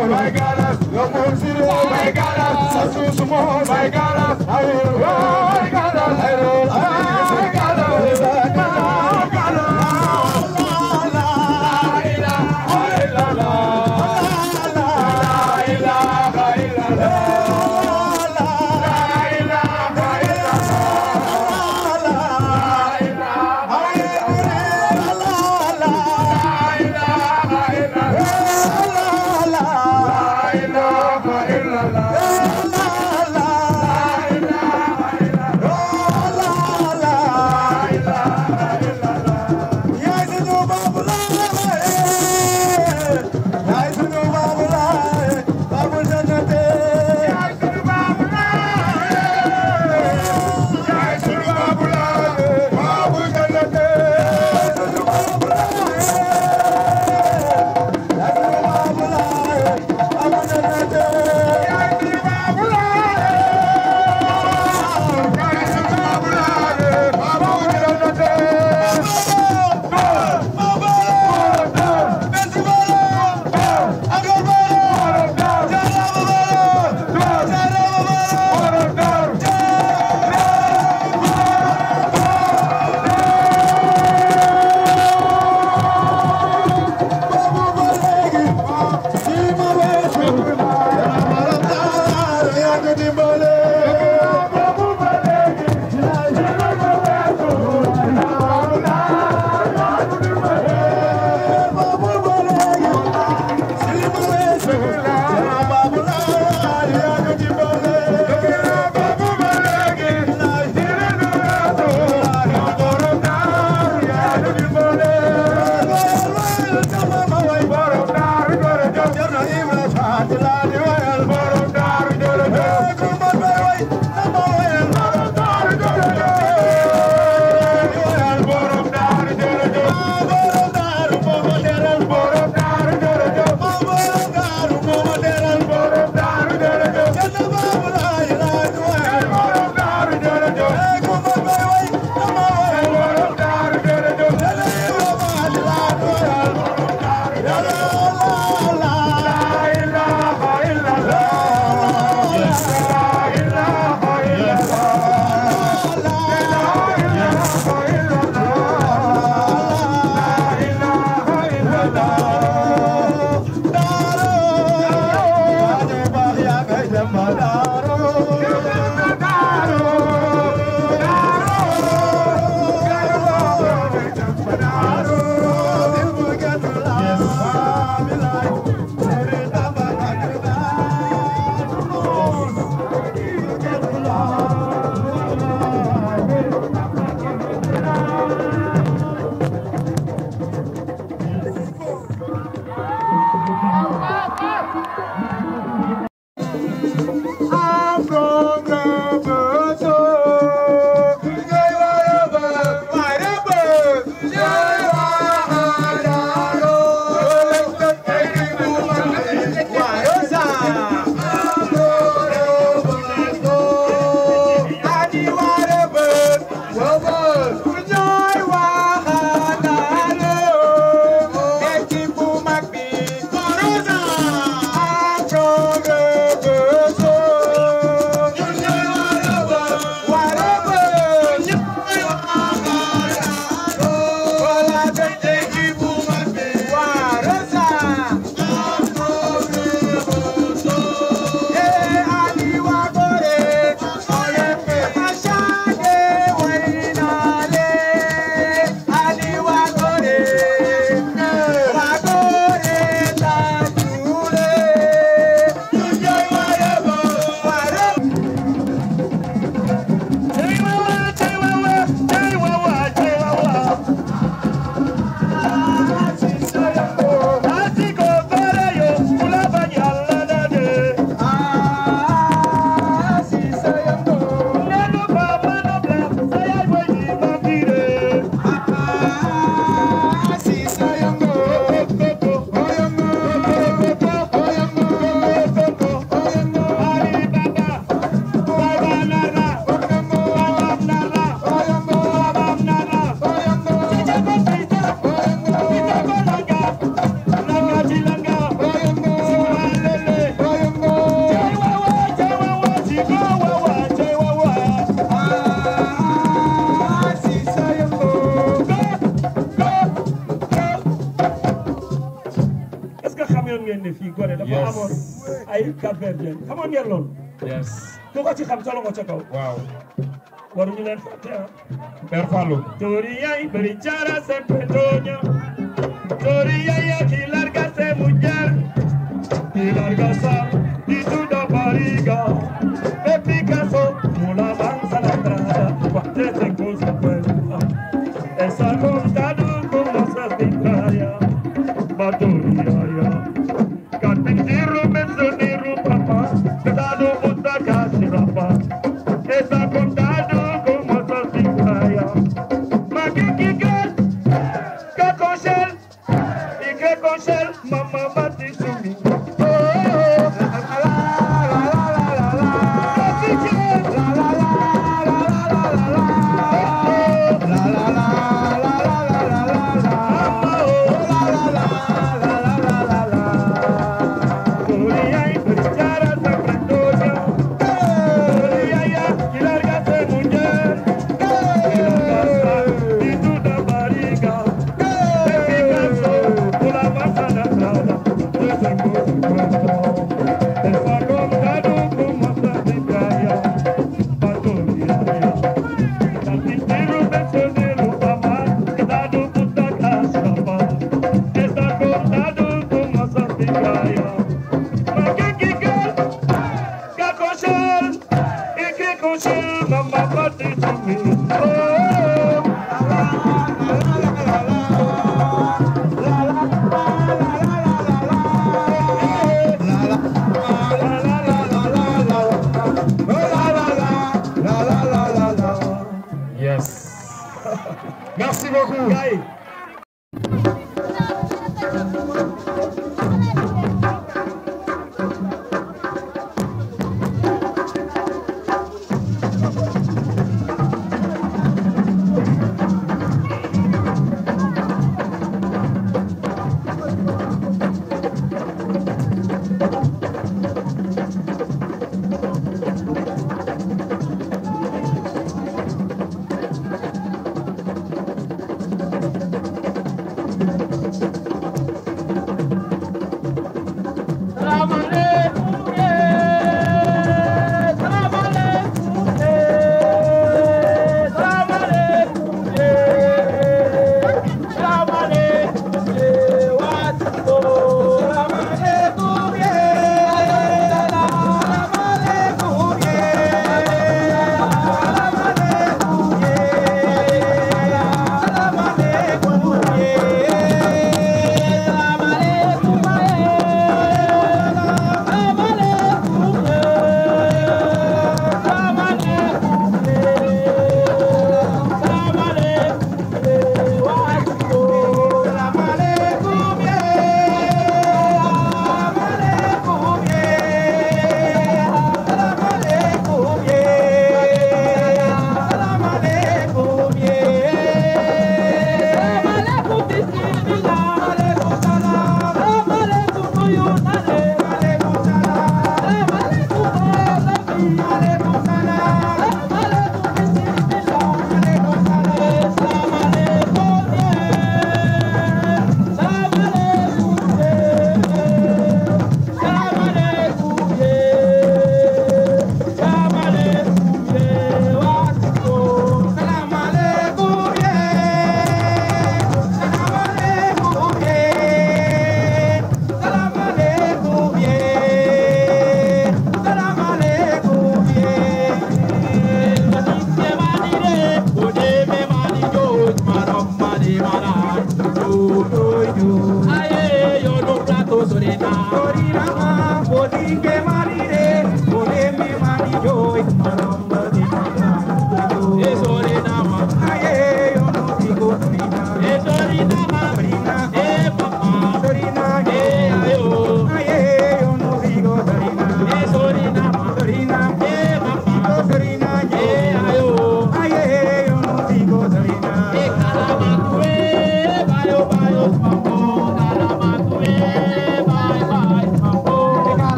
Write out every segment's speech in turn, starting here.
Oh, my my Baigara, Sassu my Baigara, Ayur, Baigara, Ayur, Ayur. ko ci xam solo ko ca kaw. waaw. waruñu leen fàtte ah. Père Fallou. Tori yaay bëri jaara seen peto ña. Tori yaay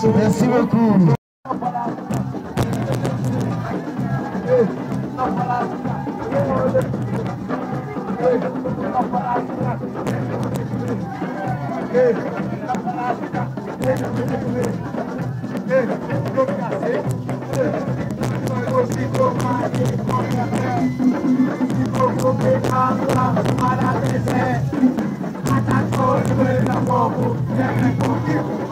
Merci beaucoup. Para descer, matar todo o meu povo, sempre comigo.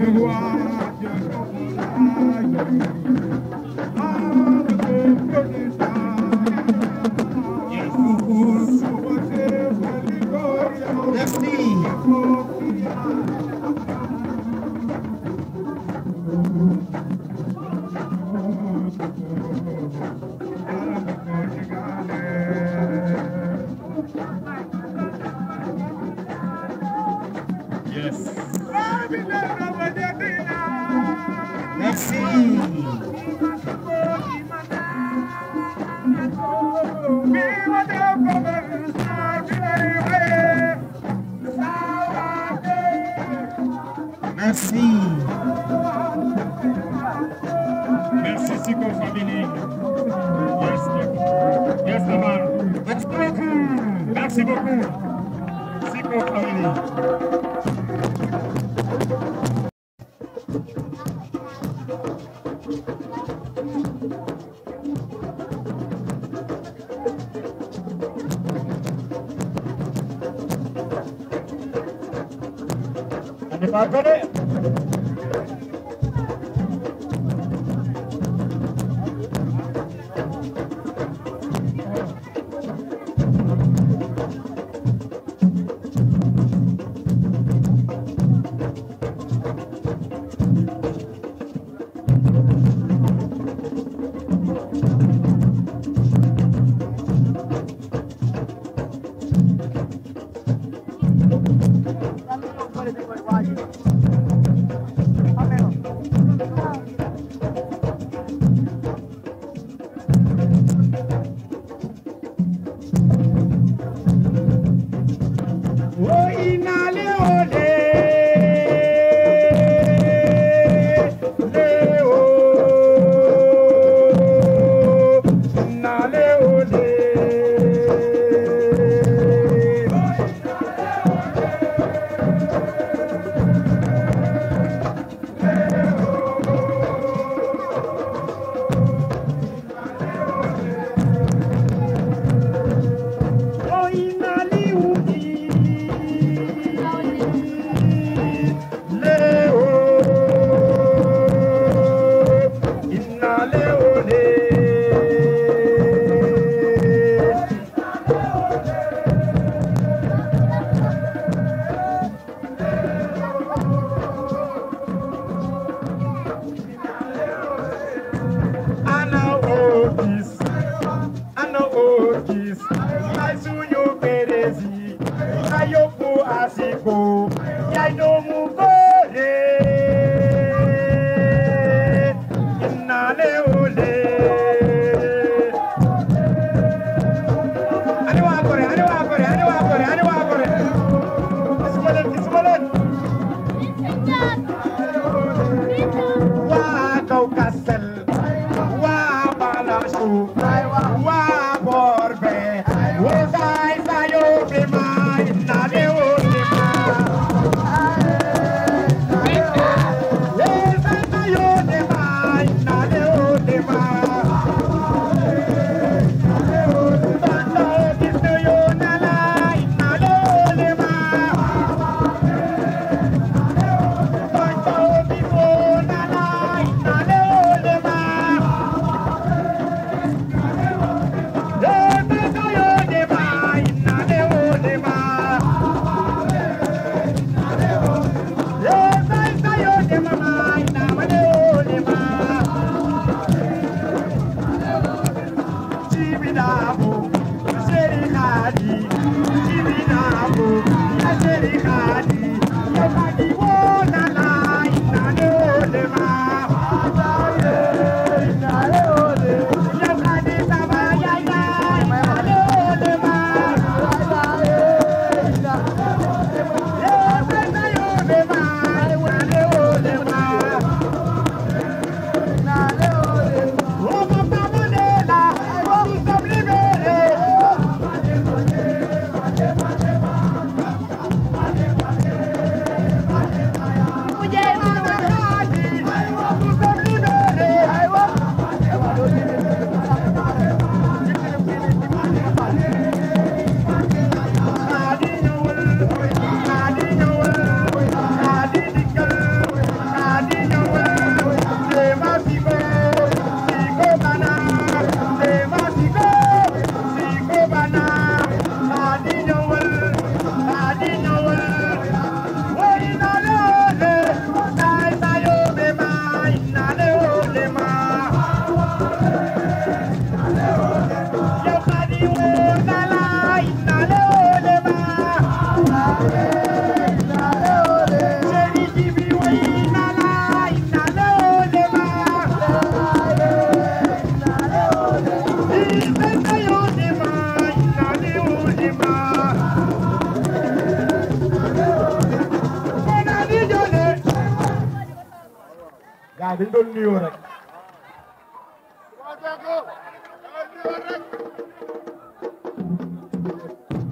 Noir.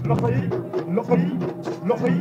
loxo yi loxo yi loxo yi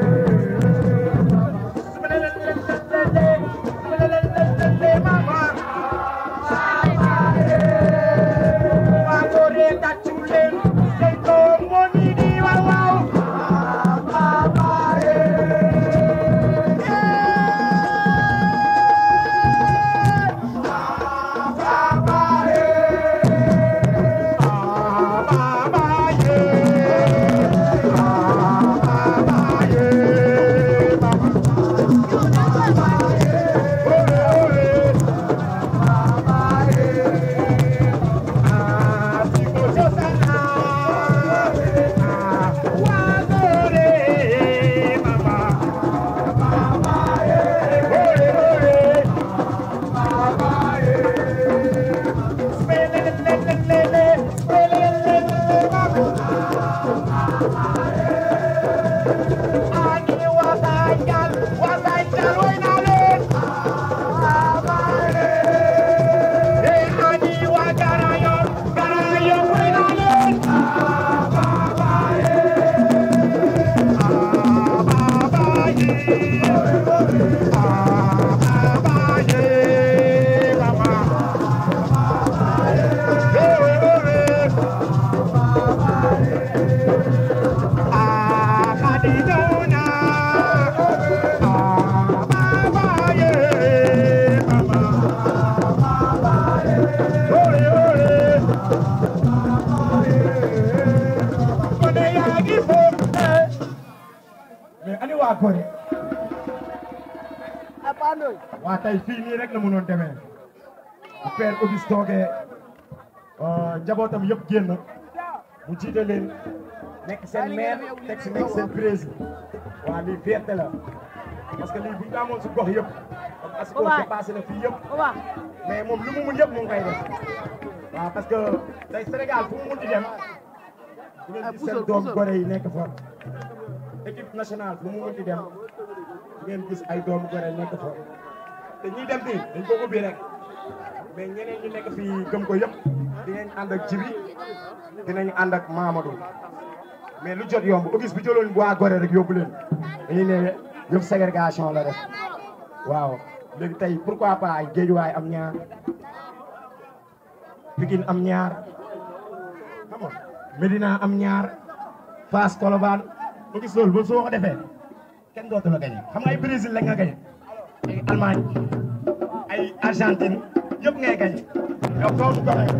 Yeah. père Auguste toogee euh, jabootam yëpp génn mu jiite leen nekk seen maire teg si nekk seen président waaw lii fierté la parce que lii bu ñu amoon si gox yëpp parce que dépassé na fii yëpp mais moom lu mu mun yëpp mu ngi koy def parce que tey Sénégal fu mu mun di dem di ngeen ah, gis seen doom gore yi nekk fa équipe nationale lu mu mun di dem di ngeen gis ay doomu gore yi nekk fa te ñuy dem nii dañ ko ubbi rek mais ñeneen ñu nekk fii gëm ko yëpp dinañ ànd ak Jibi dinañ ànd ak Mamadou mais lu jot yomb Auguste bu jëloon waa Gorée rek yóbbu leen dañuy ne yëpp ségrégation la def waaw léegi tey pourquoi ay Guédiawaye am ñaar Pikine am ñaar xam nga am ñaar Fass Colobane Auguste loolu ba soo defee kenn dootu la gañe xam nga ay Brésil gañe ay ay Argentine yëpp ngay gañe yow dootu ko rek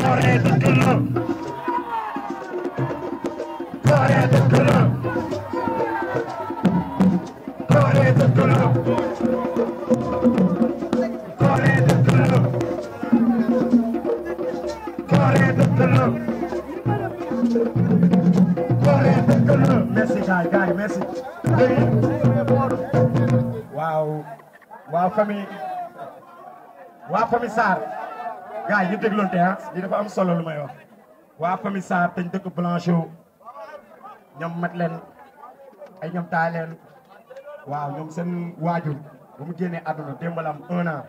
dooree dëkk la dooree dëkk la famille waa famille Sarr gars yi ñu dégloonte ah li dafa am solo lu may wax waa famille Sarr dañ dëkk Blanchot ñoom mat leen ay ñoom taa waaw ñoom seen waajur ba mu génnee àdduna démb la am un an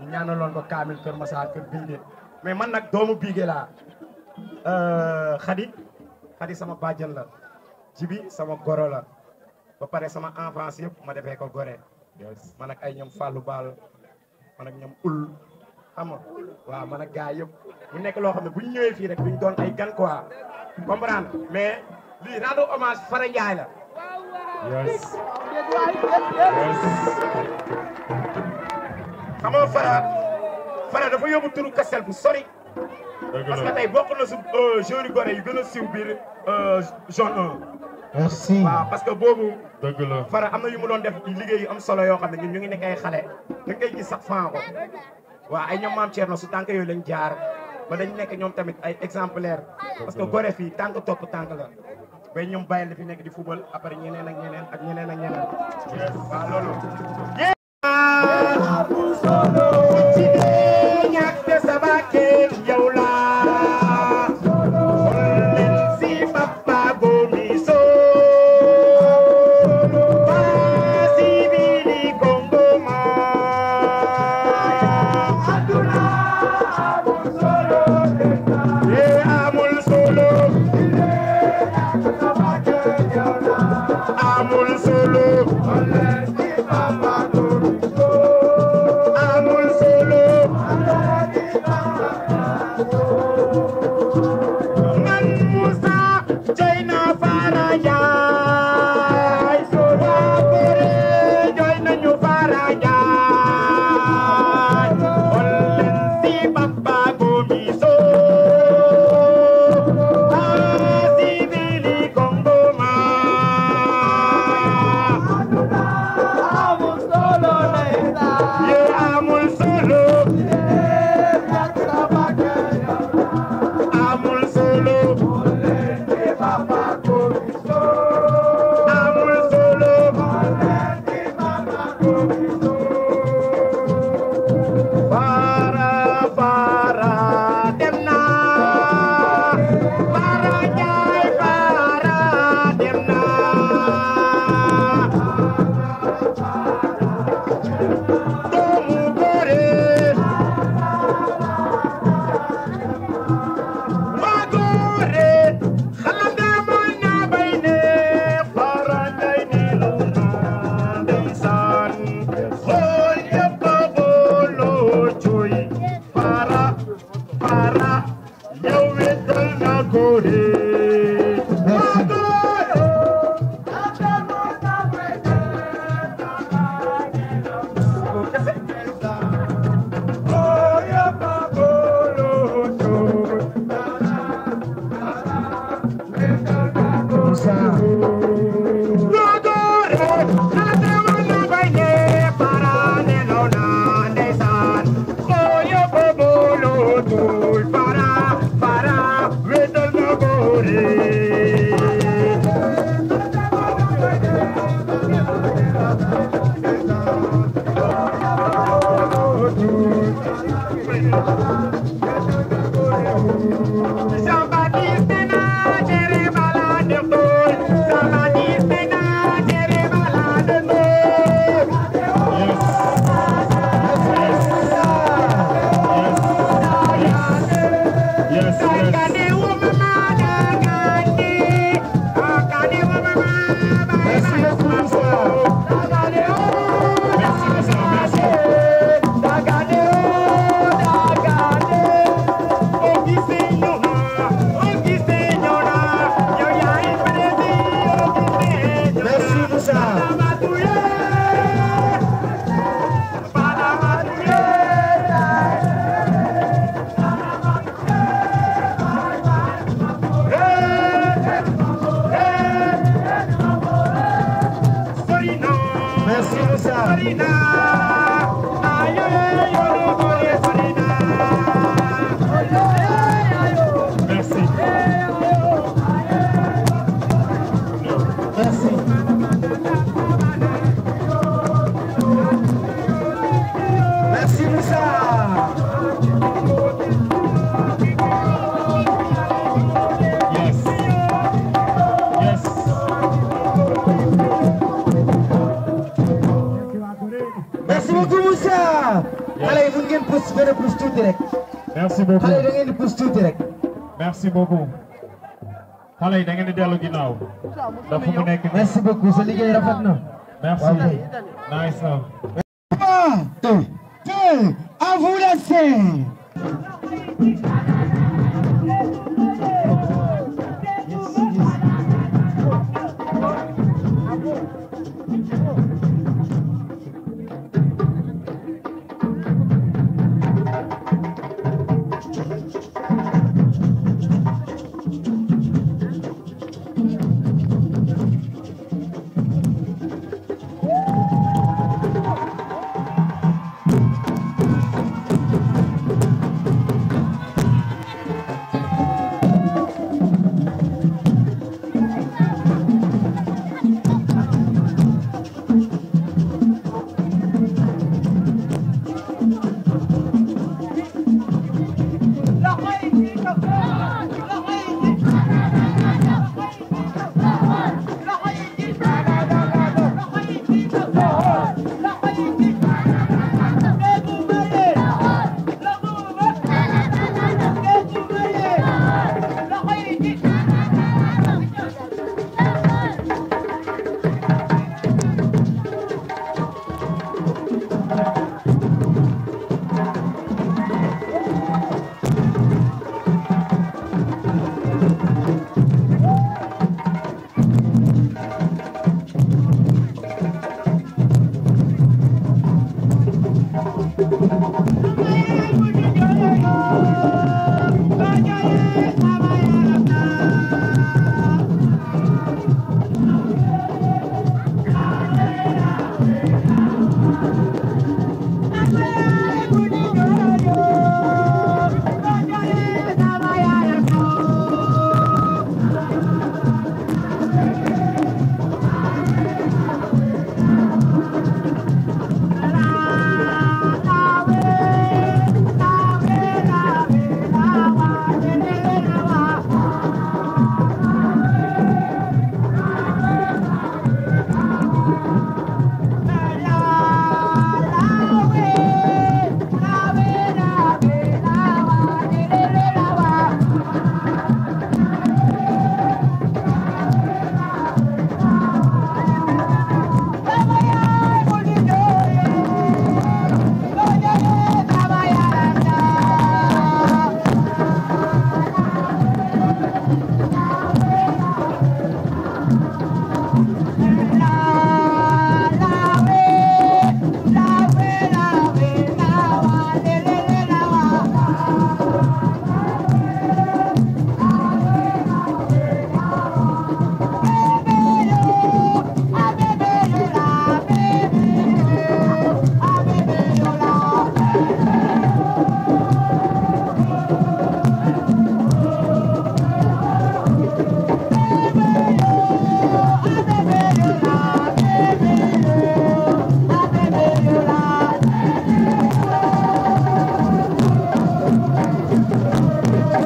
ñu ñaanaloon ko Kaamil Kër Massar Kër Bindé mais man nag doomu biige laa xadi euh, xadi sama bàjjan la jibi sama goro la ba pare sama enfance yëpp ma defee ko gore man ak ay ñoom Fallou Baal man ak ul xam nga waaw man yëpp bu nekk loo xam ne bu ñu ñëwee fii rek duñ doon ay ko quoi comprendre mais lii rendre hommage Fara Ndiaye la. Fara dafa yóbbu turu Castel bu sori. parce que tey na su euh, joueurs gore yu gën a siiw biir euh, zone 1. merci waaw parce que boobu. dëgg fara am na yu mu doon def liggéey yu am solo yoo xam ne ñun ñu ngi nekk ay xale. dañ koy gis sax fan ko waaw ay ñoom maam Thierno su tànk yooyu lañ jaar ba dañ nekk ñoom tamit ay exemplaire parce que gore fii tànk topp tànk la. bay ñoom bàyyi la fi nekk di football après ñeneen ak ñeneen ak ñeneen ak ñeneen. waaw loolu. Thank you. merci beaucoup. xale yi da di dellu ginnaaw. dafa mu nekk merci beaucoup sa liggéey rafet na. merci nice